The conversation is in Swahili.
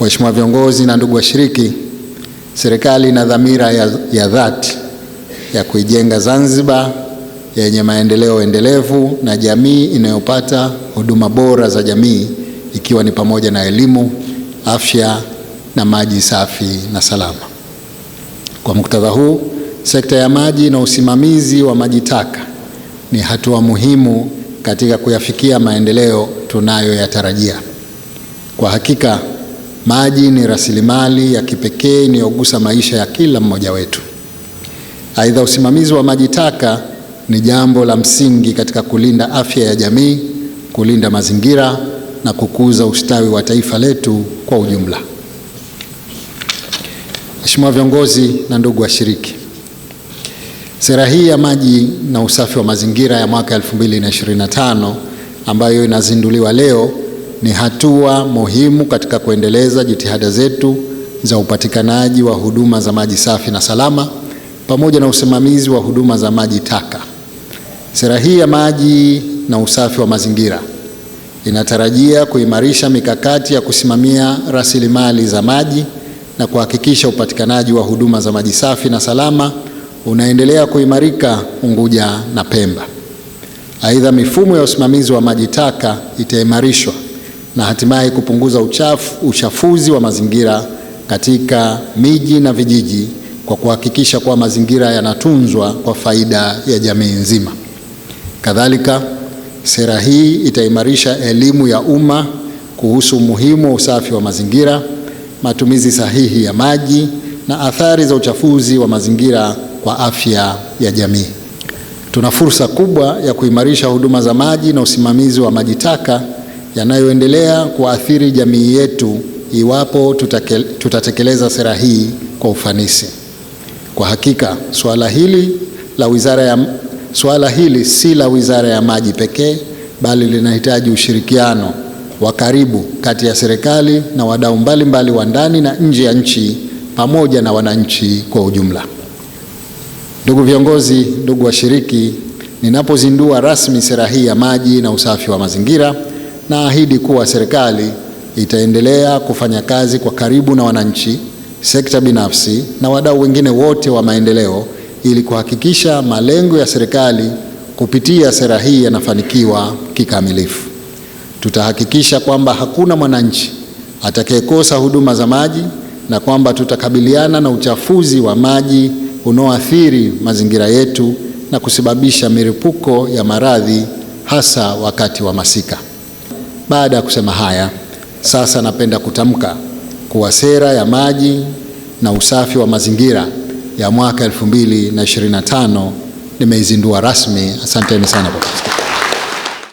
Mheshimiwa viongozi na ndugu washiriki, serikali ina dhamira ya, ya dhati ya kuijenga Zanzibar yenye maendeleo endelevu na jamii inayopata huduma bora za jamii ikiwa ni pamoja na elimu, afya na maji safi na salama. Kwa muktadha huu, sekta ya maji na usimamizi wa maji taka ni hatua muhimu katika kuyafikia maendeleo tunayoyatarajia. Kwa hakika Maji ni rasilimali ya kipekee inayogusa maisha ya kila mmoja wetu. Aidha, usimamizi wa maji taka ni jambo la msingi katika kulinda afya ya jamii, kulinda mazingira na kukuza ustawi wa taifa letu kwa ujumla. Mheshimiwa viongozi na ndugu washiriki, sera hii ya maji na usafi wa mazingira ya mwaka 2025 ambayo inazinduliwa leo ni hatua muhimu katika kuendeleza jitihada zetu za upatikanaji wa huduma za maji safi na salama pamoja na usimamizi wa huduma za maji taka. Sera hii ya maji na usafi wa mazingira inatarajia kuimarisha mikakati ya kusimamia rasilimali za maji na kuhakikisha upatikanaji wa huduma za maji safi na salama unaendelea kuimarika Unguja na Pemba. Aidha, mifumo ya usimamizi wa maji taka itaimarishwa na hatimaye kupunguza uchafu, uchafuzi wa mazingira katika miji na vijiji kwa kuhakikisha kuwa mazingira yanatunzwa kwa faida ya jamii nzima. Kadhalika, sera hii itaimarisha elimu ya umma kuhusu umuhimu wa usafi wa mazingira, matumizi sahihi ya maji na athari za uchafuzi wa mazingira kwa afya ya jamii. Tuna fursa kubwa ya kuimarisha huduma za maji na usimamizi wa maji taka yanayoendelea kuathiri jamii yetu iwapo tutatekeleza sera hii kwa ufanisi. Kwa hakika suala hili la wizara ya, suala hili si la wizara ya maji pekee, bali linahitaji ushirikiano wa karibu kati ya serikali na wadau mbalimbali wa ndani na nje ya nchi pamoja na wananchi kwa ujumla. Ndugu viongozi, ndugu washiriki, ninapozindua rasmi sera hii ya maji na usafi wa mazingira Naahidi kuwa serikali itaendelea kufanya kazi kwa karibu na wananchi, sekta binafsi na wadau wengine wote wa maendeleo ili kuhakikisha malengo ya serikali kupitia sera hii yanafanikiwa kikamilifu. Tutahakikisha kwamba hakuna mwananchi atakayekosa huduma za maji na kwamba tutakabiliana na uchafuzi wa maji unaoathiri mazingira yetu na kusababisha milipuko ya maradhi hasa wakati wa masika. Baada ya kusema haya, sasa napenda kutamka kuwa sera ya maji na usafi wa mazingira ya mwaka 2025 nimeizindua rasmi. Asanteni sana kwa kusikia.